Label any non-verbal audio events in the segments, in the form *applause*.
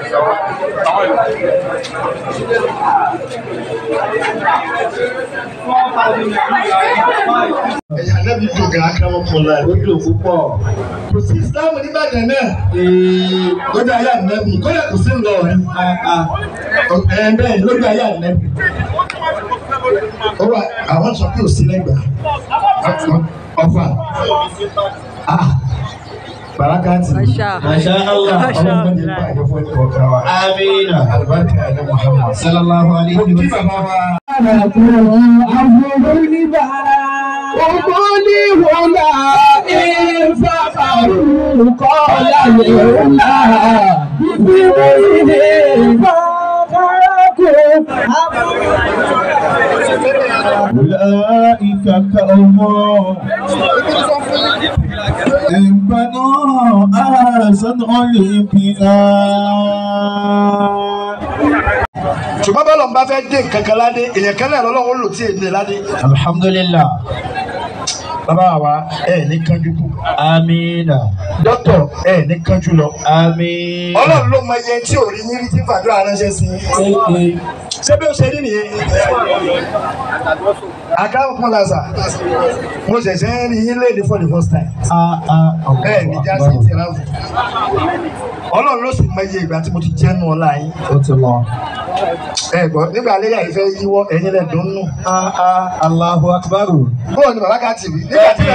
ẹ̀yà anábì dùn gan kan ọkùnrin rẹ̀. ó púpọ̀. kò sí islam nìbàdàn náà. lójú ayé ànábì kódà kò sí ńlọ rẹ. ẹ bẹ́ẹ̀ lójú ayé ànábì. ó àwọn sọ pé ò sí lẹ́gbàá. ọ̀fà. Ah barakati masha Allah ọlọ́run ní bá yẹ fún ìkọ̀ọ̀kan wa amina albarka ní muhammad sallallahu alayhi wa sallam. Ogbó ní wọ́nà ìfàfàrù kọ́lá ní ọ̀la ìbí mú ilé bá kárakó. Ọlá ìkàkà ọmọ. ربنا أحسن عيبنا ṣùgbọ́n bọ́lọ̀ ń bá fẹ́ dé kankan ládé èèyàn kan náà lọ́lọ́wọ́ lò tí èdè ládé. alhamdulillah bàbá wa ẹ ní kánjú kù. amiina. dókítà ẹ ní kánjú lọ. àmín. ọlọ́run ló mọ iye tí ò rí ní rí tí fàdúrà ránṣẹ́ sí ṣé bí o ṣe rí nìyẹn. àkàrà kún lásà mo ṣẹ̀ṣẹ̀ rí yín léde for the first time. ẹ ní jáde ìtìlá fún. ọlọ́run ló sì mọ iye ìgbà tí mo ti jẹ́ nù ọ́ láàyè. ó ti lọ ẹ̀gbọ́n nígbà alẹ́ yà ìfẹ́ yíwọ́ ẹ̀yin lẹ̀ dùn nù. Allahu Akbar. bóòlù bàbá ká tì mí nígbà tí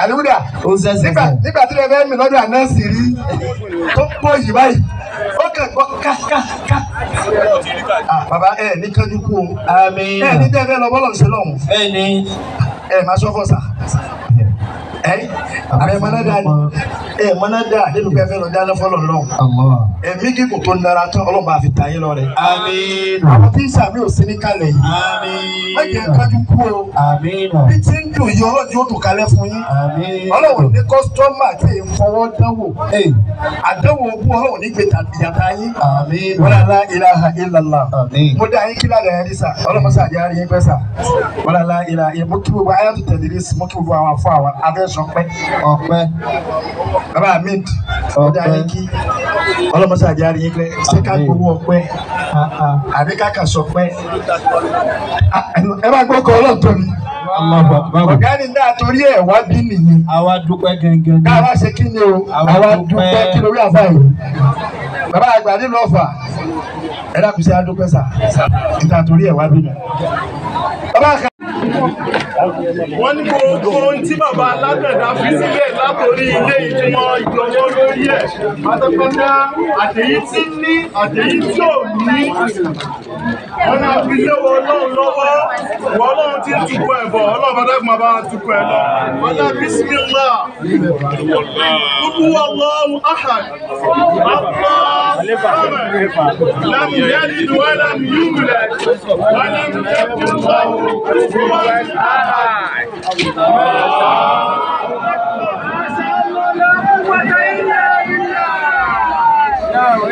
àlùmídà nígbà tí ẹ̀fẹ́ mi lọ́dọ̀ àná sì rí tó gbóyì báyìí ó kàn gbọ́ ká ká ká. bàbá ẹ ní kánjú kú o ẹ ní tẹ́ fẹ́ lọ bọ́lọ̀ ń ṣe lọ́hùn ẹ má sọ́fọ̀ sà abẹ manada ni ẹ manada nínú pé fẹ́ lọ dáná fọlọ lọhùn ẹ̀mí gígùn tó nara tán Ọlọ́run bá fi ta yín lọ rẹ. àmín. àwọn tí ń sàmì ò sí ní kalẹ̀ yìí. àmín. má jẹ́ kájú kú o. àmín. bí tí ń dùn yìí Ọlọ́run yóò tún kalẹ̀ fún yín. àmín. Ọlọ́run ní kọ́sítọ́mà tí ì fọwọ́ dánwò. àdánwò ogún Ọlọ́run ní gbé ìyàtà yín. àmín. wọ́n lá ilaha illallah. àmín. mo dá yín kílá rẹ̀ rí sà Ọlọ́run sà sọpẹ́ ọpẹ́ bàbá Hamid ọjà yín kí ọlọmọsá àjà rí yín pé ṣé ká gbowó ọpẹ́ ah, ah. àbí ká kà sọpẹ́ ah, ẹ bá gbọ́ kọ ọlọ́ọ̀tọ́ mi ọ̀gá ni náà torí ẹ̀ wá bí nìyí. àwa dúpẹ́ gẹ́gẹ́. káwa ṣe kí ni o àwa dúpẹ́ kí lórí àfáàyè. bàbá àgbà nínú ọ̀fà ẹ dàbí sí adúpẹ́ sà níta torí ẹ̀ wá bí nìyí. bàbá àgbà wọ́n ní gbogbo ohun tí bàbá alágbẹ̀dá fi sílẹ̀ látòrí ilé ìjùmọ̀ ìjọwọ́ lórí ẹ̀ pátápátá àtẹ̀yí tí ní àtẹ̀yí tí ò ní ọ̀nà àti ilé ọlọ́run lọ́wọ́ wọ ọlọ́run ti ń tukọ̀ ẹ̀ bọ̀ ọlọ́run bá dẹ́kun bá tukọ̀ ẹ̀ lọ. ọ̀nà bisimilá kúkú ọlọ́run ahad ọ̀pọ̀ lámì yẹ́lì ìdúwẹ́ lámì yúmùlẹ̀ ọ̀nà ìdúwẹ́ kúkú ọlọ́run ahad.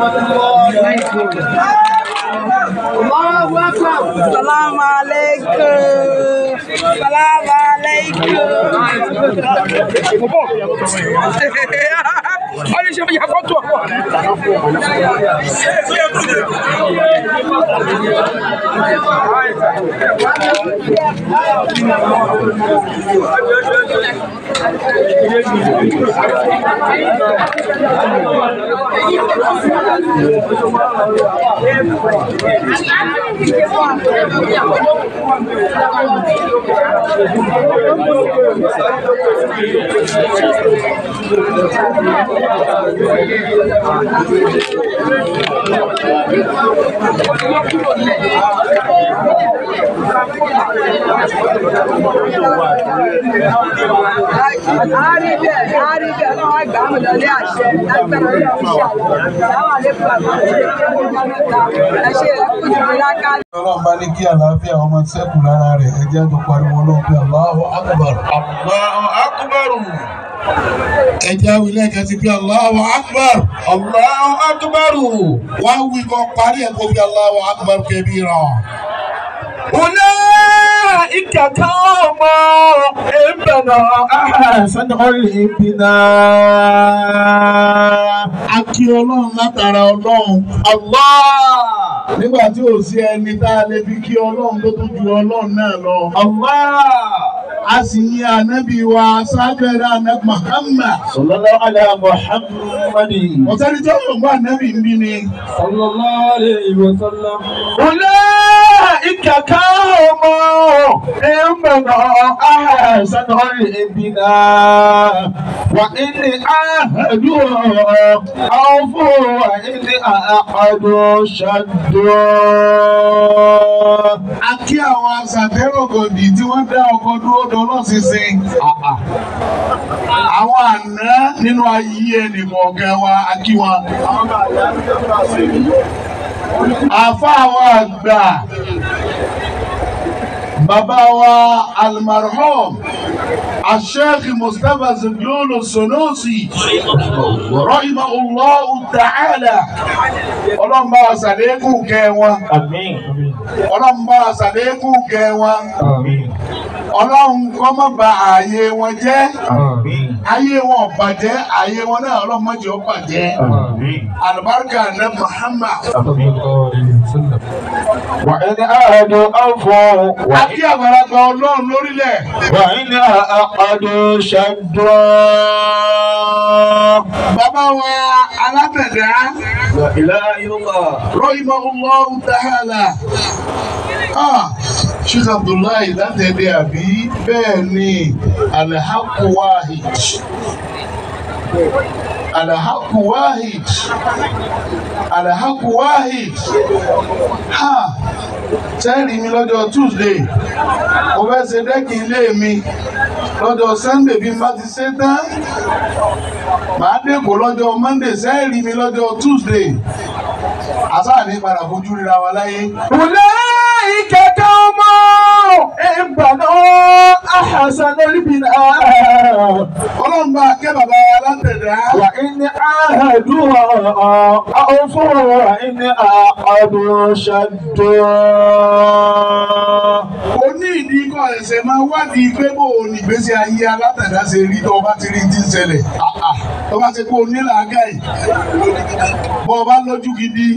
Salam alaikum. Salam alaikum. *laughs* 阿里些，你还光做啊？ああ。Ari bẹ́ẹ̀ Ọlọ́run bá ní kí àlàáfíà ọmọ sẹ́kù lára rẹ̀ ẹ jẹ́ pariwo ọlọ́run pé Allahu Akbar. Allahu Akbar. Ẹ jẹ́ àwọn ti fi Allahu Akbar. Allahu Akbar. Wá wí kan parí ẹ̀ kó fi Allahu Akbar kẹ́bí rán. أولئك قوم ابنا أحسن الابنا Akí ọlọ́run látara ọlọ́run. Allah. Nígbà tí ò sí ẹni tá a lè fi kí ọlọ́run tó tún ju ọlọ́run náà lọ. Allah. A sì yin ànábì wa sábẹ́rẹ́ ànábì Muhammad. Sallallahu alaihi Muhammad. Ọ̀sẹ́ni tó yọ̀ mọ́ ànábì mi ni. Sallallahu alaihi wasallam. Ọlá ìkàkà ọmọ ìmọ̀nà àhàṣà. تدعي بنا وإني أحد أوف وإني أحد شد. Akí àwọn aṣàtẹ́rọ̀gọ̀dì tí wọ́n dá ọkọ̀ dúró dọ́lọ́ ṣinṣin. Ah, ah. Àwọn àná nínú ayé ẹnìmọ̀ọ́gá wa akí wọn. Àfa àwọn àgbà bàbá wa almarhum asheikh mustapha ziglolo sonosi rọ́ìmọ̀ ọlọ́ọ̀ ta'ala ọlọ́mbà sàlékù kẹ́ wọn ọlọ́mbà sàlékù kẹ́ wọn ọlọ́run kọ́ mọ́ bà ààyè wọn jẹ́ ayé wọn bàjẹ́ ayé wọn náà ọlọ́run mọ́ jẹ́ ó bàjẹ́ àlùbáríkà ní Muhammad. Wà á ní àádó ọ̀fọ̀. Àti àgbàlagbà ọlọ́run lórílẹ̀. Wà á ní àádó ṣàdúrà. Bàbá wa alátẹ̀dá. Wà ilá yóò rọ́ìmọ̀ ọlọ́run tàhálà. Sheikh Abdullahi látẹ̀dẹ̀ àbí bẹ́ẹ̀ ni alhaku Alhaku wahid Alhaku wahid ha tẹ́rì mi lọ́jọ́ Tuesday mo fẹ́ ṣe dẹ́kì ilé mi lọ́jọ́ Sunday bí n bá ti ṣe tán màá dẹ́kọ̀ lọ́jọ́ Monday sẹ́ẹ̀rì mi lọ́jọ́ Tuesday àsáà ní padà fojú ríra wa láyé ẹ̀ bàdàn àhàsàn olùbìnà. ọlọ́run bá a kẹ́ bàbá wa látẹ̀dá. wà á ní àhàdùn àwọn fún wa ní àhàdùn ṣàdùn ní kọ́ ẹ̀sẹ̀ máa wádìí pé bò ó ní ìgbésí ayé alátàdá ṣe rí tó o bá ti rí ti ń ṣẹlẹ̀ ah, ah. tó bá ti kó o nílà ágá yìí bó o bá lójú gidi.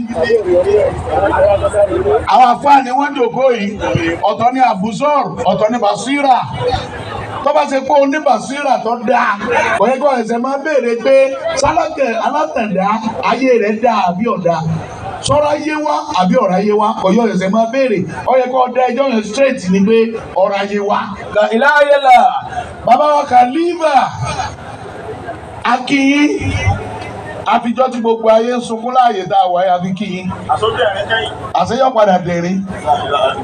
àwọn afáàní wọn jòkó yìí ọ̀tọ̀ ni àbúzọ́ọ̀rù ọ̀tọ̀ ni bàṣírà tó bá ṣe pé oníbàṣírà tó dáa òye kọ́ ẹ̀sẹ̀ máa béèrè pé sálọ̀tẹ̀ alátàdá ayé rẹ̀ dáa àbí ọ̀dà sọ́ra yé wa àbí ọ̀rá yé wa ọ̀yọ́ ẹ̀sẹ̀ máa béèrè ọ̀yẹ́ kọ́ da ẹjọ́ yẹn straight ni pé ọ̀rá yé wa. ìlà ayé la bàbá wa kà lífà akínyín àfijọ́ tí gbogbo ayé ń sunkún láàyè tá a wà yà fi kí yín. àṣeyọ́ padà dẹ̀rín.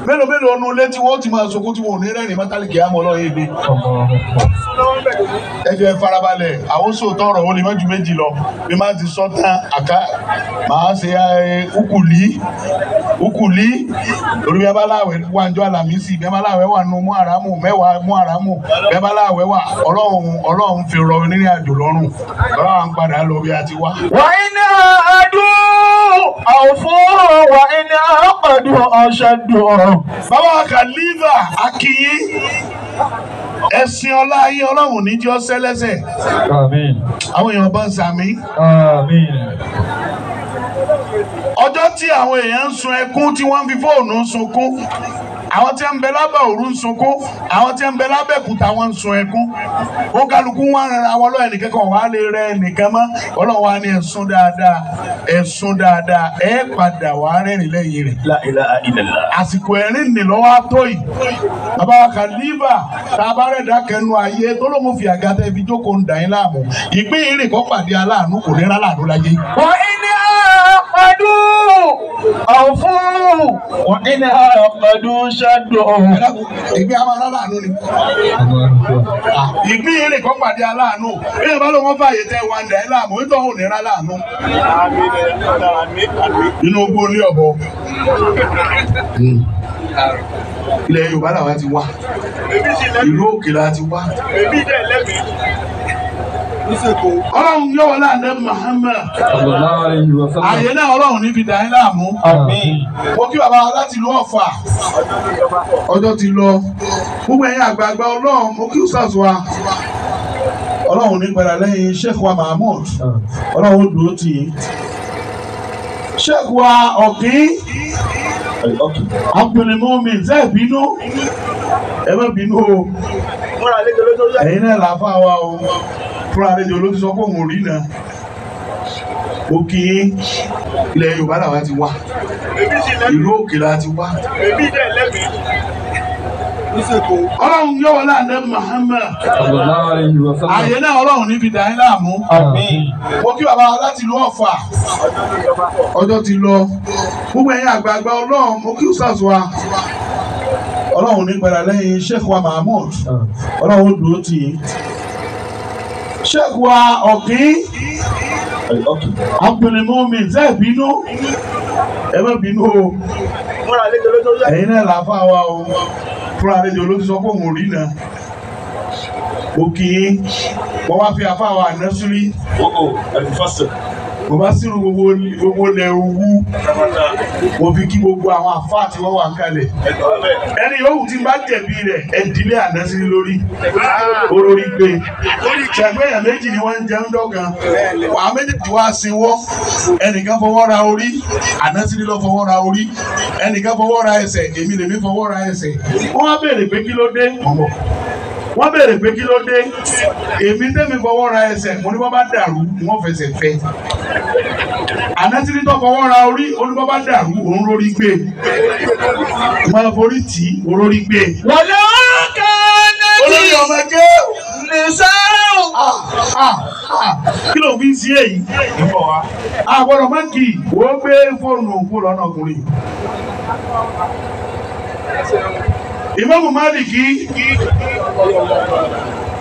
mélòó mélòó nu létí wọn ó ti máa sunkún tí wọn ò ní rẹ́rìn mọ́tàlìkì àmọ́ ọlọ́yẹ̀ ibi. ẹ jẹ́ farabalẹ̀ àwọn sòótọ́ ọ̀rọ̀ ó lè má ju méjì lọ bí má ti sọ tán àká màá ṣe ukùlí ukùlí lórí bí abaláwẹ̀ wà ń jọ àlàmísì bí abaláwẹ̀ wà nù mú àràmù mẹ́wàá mú àràmù bí abaláwẹ̀ wà ọlọ́run ọlọ́run fi rọ onírìn àjò lọ́rùn ọlọ́run padà lọ bí a ti wá. وإن أدوا أوفوا وإن أقدوا أشدوا bàbá Khalifa akiyi ẹ̀sìn ọlá ayé ọlọ́run níjọ́ sẹ́lẹ́sẹ̀ àwọn èèyàn bá ń sàmí ọjọ́ tí àwọn èèyàn ń sun ẹkún tí wọ́n ń fi fóònù sunkún àwọn tí ń bẹ lábẹ́ òru ń sunkún àwọn tí ń bẹ lábẹ́ kùtà wọn ń sun ẹkún ó kálukú wọn rẹra wọn lọ́yẹ̀ nìkan kan wàá lè rẹ nìkan mọ́ ọlọ́run wa ni ẹ̀sùn dáadáa ẹ̀sùn dáadáa ẹ padà wàá rẹ́rìn lẹ́yìn rẹ̀. La ilaha illallah. àsìkò ẹ̀rín ni lọ́wọ́ tó yìí bàbá wa kà líbà tá a bá rẹ̀ dákẹ́nu ayé tó ló mú fi àgàtà ibi jókòó ń dà yín láàmú ìpín ìrìn kọ́ pàdé aláàánú kò ní rálá ṣàdùn ọ̀hún. ìgbé àwọn aláàánú ni. ìgbín yìí nìkan pàdé aláàánú ilé ìbálò wọn fààyè tẹ wọn dẹ láàmú nítorí òun nira láàánú. inú ogbó ní ọ̀bọ. ilẹ̀ Yorùbá làwọn ti wá ìlú òkè la ti wá ọlọ́run yóò wọlé àlẹ́ Muhammad àyè náà ọlọ́run níbi dàn yín láàmú mo kí bàbá láti lu ọ̀fà ọjọ́ ti lọ gbogbo ẹ̀yin àgbààgbà ọlọ́run mo kí ọ̀sàtù wa ọlọ́run ní gbàdá lẹ́yìn sheikh wa mahmood ọlọ́run dúró tì í sheikh wa ọ̀kín abdulmumin zẹ́ bínú ẹ má bínú o ẹ̀yin náà làáfà wa o fúnra rẹ̀ jọ ló ti sọ pé òun ò rí náà òkè ilẹ̀ Yorùbá làwa ti wá ìlú òkè la ti wá. Ọlọ́run yóò wọlé àná Muhammad àyè náà Ọlọ́run níbi dání láàmú mo kí bàbá wa láti ìlú Ọ̀fà ọjọ́ ti lọ gbogbo ẹ̀yin àgbààgbà Ọlọ́run mo kí ọ̀sàtù wa Ọlọ́run nígbàdà lẹ́yìn Sheikh wa Mahmood ah. Ọlọ́run dúró tì í sheikh wa ọ̀kín abdulmumin ṣe bínú ẹ má bínú o ẹ̀yin náà làáfà wa o fúnra àlejò ló ti sọ pé òun ò rí náà òkè wọn wá fi àfà wa àná sílí kò bá sírù gbogbo gbogbo lẹ owú mo fi kí gbogbo àwọn àfáà tí wọ́n wà ń kalẹ̀ ẹni yòówù tí n bá jẹ̀bi rẹ̀ ẹ̀dílé àdásí lórí olórí gbé ṣàgbé méjì ni wọ́n ń jẹun dọ́gan wàá méjèèjì wá sinwọ́ ẹnìkan fọwọ́ ra orí àdásí lọ fọwọ́ ra orí ẹnìkan fọwọ́ ra ẹsẹ̀ èmi lèmi fọwọ́ ra ẹsẹ̀ wọ́n á béèrè pé kí ló dé wọ́n béèrè pé kí ló dé èmi tẹ́mi fọwọ́ ra ẹsẹ̀ mo ní bọ́ bá dàrú ni wọ́n fẹsẹ̀ fẹ́ ànátìrítọ́ fọwọ́ ra orí olúbọ́ bá dàrú òun lórí gbé máa forí tì í òun lórí gbé. wọlé ọkọ náà kí olórí ọmọ ẹgbẹ́ lè sáárò. Ah, ah, ah. kí ló fi ń sí èyí. àgbọ̀dọ̀ má kì í gbé fóònù òkú lọ́nà ọkùnrin ìmáàmù Málìkì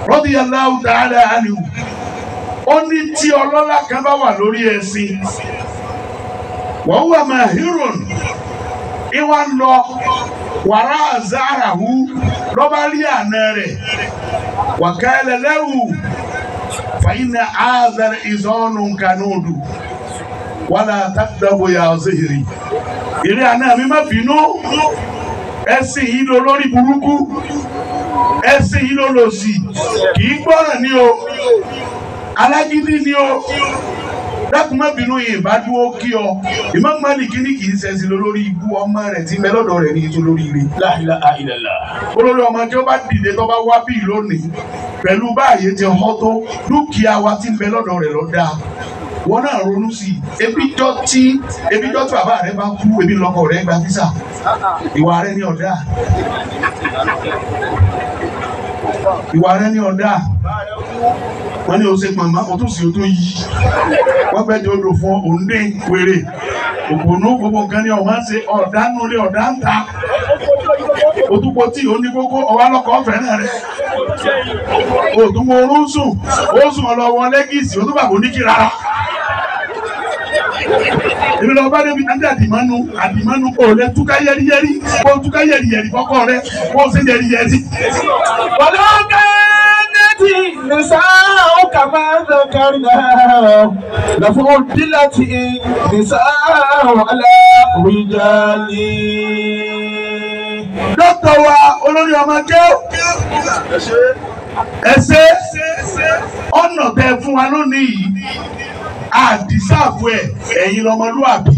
radiyallahu ta'ala anhu ó ní tí ọlọ́lá kan bá wà lórí ẹṣin wọ́n wà máa híròn ìwà ń lọ wàrà àzárahu lọ́ba rí àná rẹ̀ wàkàlẹ̀ lẹ́wù fàyínà àzàrà ìzọ́nù kanúdù wàlà tàdàbò ọ̀sẹ̀ yìí ìrẹ́ àná mi má bínú ẹ̀sìn yìí ló lórí burúkú ẹ̀sìn yìí ló lò sí kì í gbọ́ràn ni o alágídí ni o dákúmọ́bìnú yìí bá dúró kí ọ Imam Malik ní kì í ṣẹ̀sìn lórí ibú ọmọ rẹ̀ tí bẹ́ẹ̀ lọ́dọ̀ rẹ̀ ní ètò lórí rẹ̀ la ilaha illallah. olórí ọmọ tí ó bá dìde tó bá wá bí lónìí pẹ̀lú báyìí ti họ́ tó dúkìá wa tí bẹ́ẹ̀ rẹ̀ lọ́dà wọn náà ronú sí i ebi dọ́tí ebi dọ́tí bàbá rẹ bá kú ebi lọ́kọ rẹ gba físà ìwà rẹ ní ọ̀dà ìwà rẹ ní ọ̀dà wọ́n ní o ṣe pàmò o tún sì o tún yí wọ́n fẹ́ jọ odò fún òǹdè wèrè òpònú gbogbo nǹkan ni ọ̀hún ṣe ọ̀dà nulẹ̀ ọ̀dà ń ta òtúpọ̀ tí ò ní kókó ọwá lọ́kọ̀ ọ̀fẹ́ náà rẹ̀ òtún orun sùn ó sùn ọ̀lọ́wọ́ lẹ́gìsì ó bàbá oníkì rárá èmi lọ bá débi àti àdìmánu àdìmánu kò lè túká yẹ́rìyẹ́rì kò túká yẹ́rìyẹ́rì kọ́kọ́ rẹ kò sí yẹ́rìyẹ́rì. wọlọ́kẹ́ nẹ́tì nìṣá ó kà máa ń lọ kárí náà lọ́fọ́ bíláàtì nìṣá ọ̀lá òrìjà ni. dókítà wa olórí ọmọ kẹ́ẹ́ ẹ ṣe ọ̀nà tẹ fún wa lónìí àdìsáàbù ẹ̀ ẹ̀yin lọ́mọlúwàbí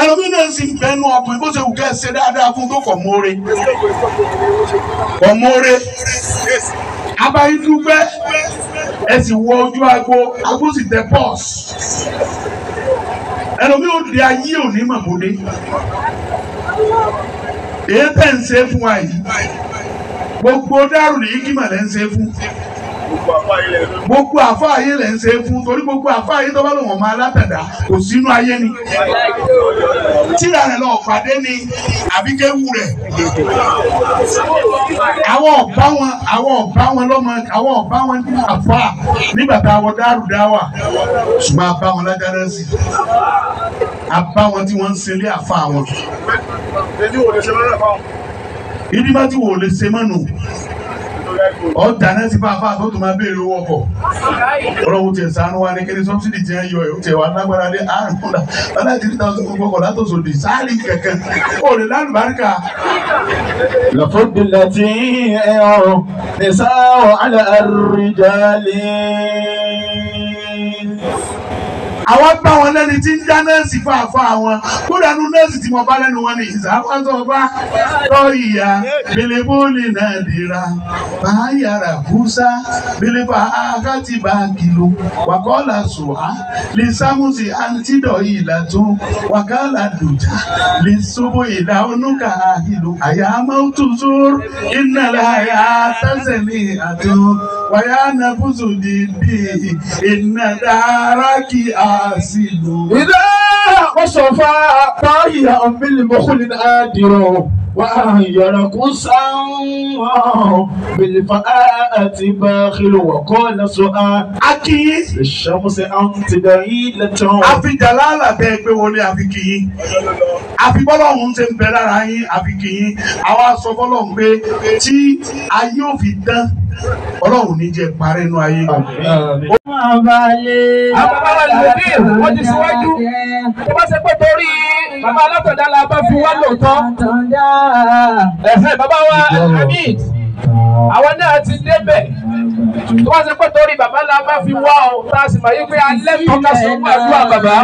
ẹlòmí náà sì ń bẹnu ọkùnrin bó ṣe wù kẹ́ ṣe dáadáa fún tó kọ̀ mọ́re kọ̀ mọ́re abayi dúpẹ́ ẹ sì wọ ojú agbo agbo sì tẹ pọ́ọ̀sì ẹlòmí ò di ayé òní màmúdé èyí tẹ̀ ń ṣe fún wa yìí gbogbo dárò lèyí kí màlẹ́ ń ṣe fún gbogbo àfáà yìí lẹ̀ ń ṣe fún torí gbogbo àfáà yìí tó bá lòun ọmọ alátàdá kò sínú ayé ni tíra rẹ̀ lọ pàdé ni àbíkéwu rẹ̀ àwọn ọ̀bá wọn àwọn ọ̀bá wọn lọ́mọ àwọn ọ̀bá wọn ní àfáà nígbà tá a wọ dáàrú dáwà ṣùgbọ́n a bá wọn lájára sí a bá wọn tí wọ́n ń ṣe lé àfáà wọn. ìdí bá ti wò lè ṣe mọ́nu ọjà náà sí fáfá tó tún máa béèrè owó ọkọ̀ ọlọ́run tiẹ̀ sànú wa ní kéde sọ́bsìdì tiẹ̀ yọ ẹ̀ tiẹ̀ wà lágbára dé àrùn lọ́dà tìrì tàwọn gbogbo ọkọ̀ látòsò dì sáàlì kẹ̀kẹ́ òde lálùbáríkà. lọ́fọ̀dùlẹ̀ tí ẹ̀rọ nìsáwọ̀ alẹ́ àrùn ìjọ́lẹ̀ àwọn bá wọn lẹ́ni tí ń já nẹ́ẹ̀sì fàáfà wọn kódà nu nẹ́ẹ̀sì tí mo bá lẹ́nu wọn ni ìsàkọ́sọ́fà tọ́ ìyá belebóòlì náà dira máa yàrá kúsá belebà àkàtì bá kìlò wàkọ́là sùá lè sámúsì àǹtídọ̀ ìlà tó wàkàlà dùjà lè sọ́bọ̀ ìlà onúkà àkìlò àyà máa tún sóòrò àyà tẹ́sẹ̀ ní àtúntò wàyà nàbùzù níbí di dára kí a sì lò. ìdá ọ̀sọ̀fà pààyà ọ̀mílì mọ́kùnrin àdìrọ̀. وأهجركم سوا بالفاءة باخل وقال سؤال أكيد للشمس أنت دليلة àfi jàlálà bẹ́ẹ̀ gbé wọlé àfi kì í àfi bọ́lọ́hún ń ṣe ń bẹ lára yín àfi kì í àwa sọ bọ́lọ́hún pé tí ayé ò fi dán ọlọ́run ní jẹ́ parẹ́ inú ayé. ọmọ àbálẹ̀ àbálẹ̀ lòdì síwájú tó bá ṣe pé torí bàbá alátọ̀dá la bá fi wá lóòótọ́ ẹ̀fẹ̀ bàbá wa Hamid àwọn náà ti débẹ̀ tó bá ṣe pé torí bàbá la bá fi wá o tá a sì máa yí pé alẹ́ tó ká sọ fún àdúrà bàbá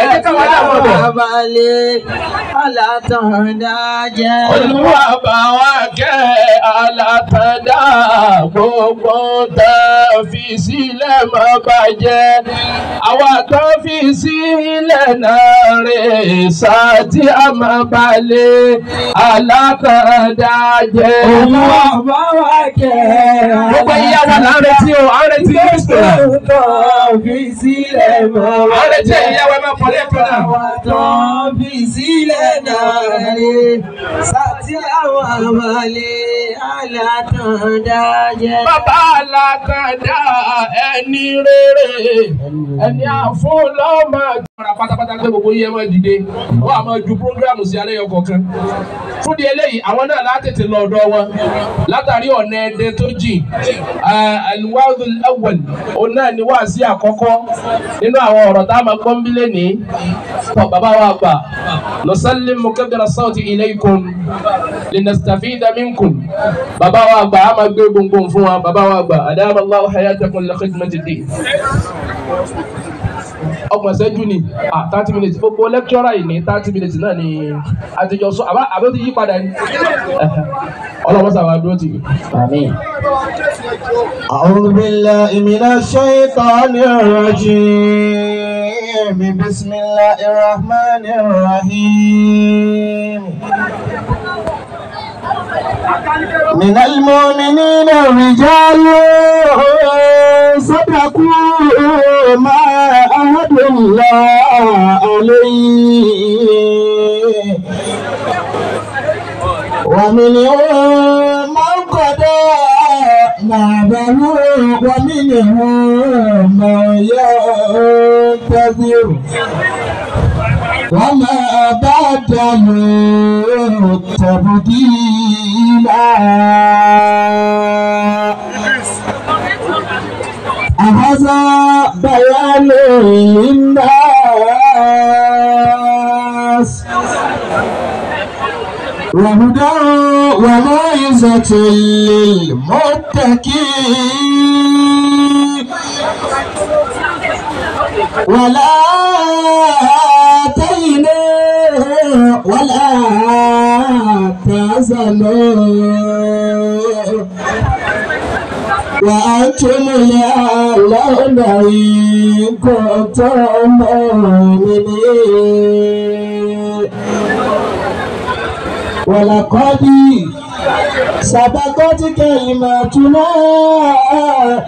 ẹni káwọn náà mọ̀ bọ̀. olúwa bá wa kẹ́ gbogbo tá a fi sílẹ̀ má bàjẹ́ àwa tó fi sílẹ̀ náà rè sáàtì àmà balẹ̀ alátàndá jẹ́. olúwa bá wa kẹ́ wa là ń retí o à ń retí yín sùn náà. tán fi sílẹ̀ mọ́ wa náà. à ń retí ẹ̀yin yẹn wọ́n máa pọ̀ lẹ́ẹ̀kan náà. tán fi sílẹ̀ náà rẹ̀ tí àwọn àmàlẹ́ alátàndájẹ́. Bàbá alátàndá ẹni rere ẹni àfúnlọ́mọ. Ọ̀rọ̀ pátápátá lọ́pẹ́ gbogbo yẹn máa dìde, wọ́n á máa ju prógrámù sí alẹ́yọ kọ̀ọ̀kan. Fún di eléyìí, àwọn náà látètè lọ ọ̀dọ̀ wọn látàrí ọ̀nà ẹ̀dẹ tó jìn. Àlùwádùn ẹ̀wọ̀n, òun náà ni wá sí àkọ́kọ́ nínú àwọn ọ̀rọ̀ tá a máa gbọ́n bílẹ̀ ní. Bàbá wa gbà, lọ́sálẹ́mù kẹ́bẹ̀rẹ̀ sáwọ́tì ilé ikùn linastafida minkum bàbá wa àgbà á máa gbé gbòǹgbòǹ fún wa bàbá wa àgbà adama Allahu hayatakum li khidmati ddin ọgbọ̀n ṣẹ́jú ni ah thirty minutes gbogbo lecturer yìí ní thirty minutes náà ni àtijọ́ sọ àbá àbí ti yí padà ni ọlọ́wọ́ sàwọn àdúró tì. àmín. أعوذ بالله من الشيطان الرجيم بسم الله الرحمن الرحيم من المؤمنين رجال صدقوا ما أهد الله عليه ومنهم من قضى نعبه ومنهم من ينتظر وما بدلوا تبديلا هذا بيان للناس وهدى وموعظة للمتقين ولا ولا تحزنوا وأنتم الأعلون إن كنتم مؤمنين ولقد سبقت كلماتنا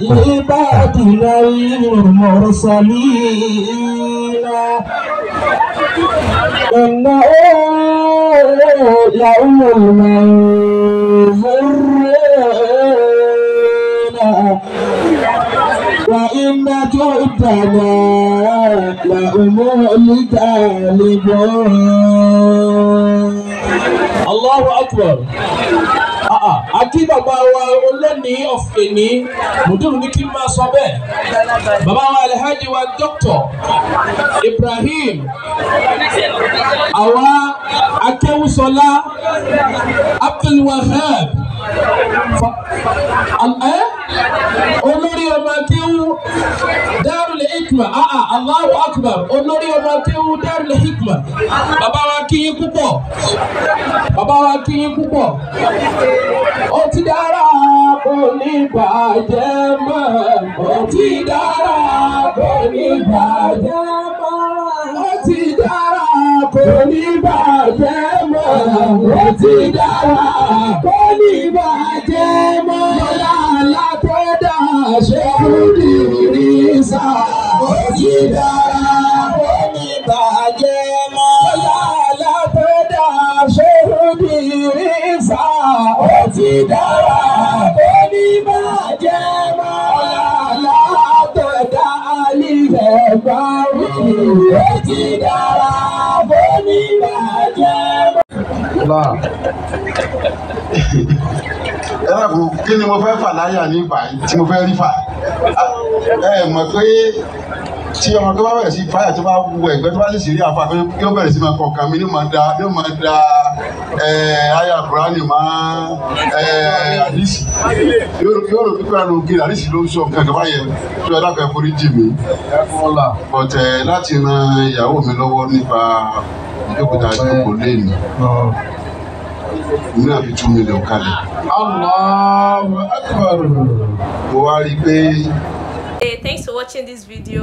لعبادنا المرسلين إنه لأولو المنظرين وإن جئتنا لأم الغالبون الله أكبر akí ah, bàbá wa olóòní ọ̀fẹ́ ní mùdúrù ní kí n máa sọ bẹ́ẹ̀ bàbá wa alhaji wa dr ibrahim àwa akéwùsọlá abdulwahab eh? olórí ọmọ akéwù dá hikma a'a ah, ah, Allahu akbar olórí ọmọ akéwú Darul Hikma Baba wa kí yín Baba wa kí yín O ó ti dára kò ní bàjẹ́ mọ́ O ti dára kò ní bàjẹ́ mọ́ ó ti dára kò ní bàjẹ́ mọ́ ó ti dára kò ní bàjẹ́ mọ́ yọ̀lá alákọ̀ọ́dà ṣe kúndìrí sáà dára kí ni mo fẹ́ fà láyà ní ìgbà tí mo fẹ́ rí fà ẹ mọ̀ pé tí ọmọ tó bá bẹ̀rẹ̀ sí fáyà tó bá wọ ẹ̀gbẹ́ tó bá sì sírí àfa pé yóò bẹ̀rẹ̀ sí máa kọ̀ mi yóò máa da yóò máa da àyà kùránì máa àdìsí yóò rò pípẹ́ àrùn ògiri àdìsí ló ń sọ nǹkan kan báyẹn tó ẹ dákẹ́ forí jì mí bọ̀tẹ̀ láti ran ìyàwó mi lọ́wọ́ nípa ìjókòó tá a ní àfi two million kalẹ̀. Allahu Akbar. Mo wá rí i pé. Hey, thanks for watching this video.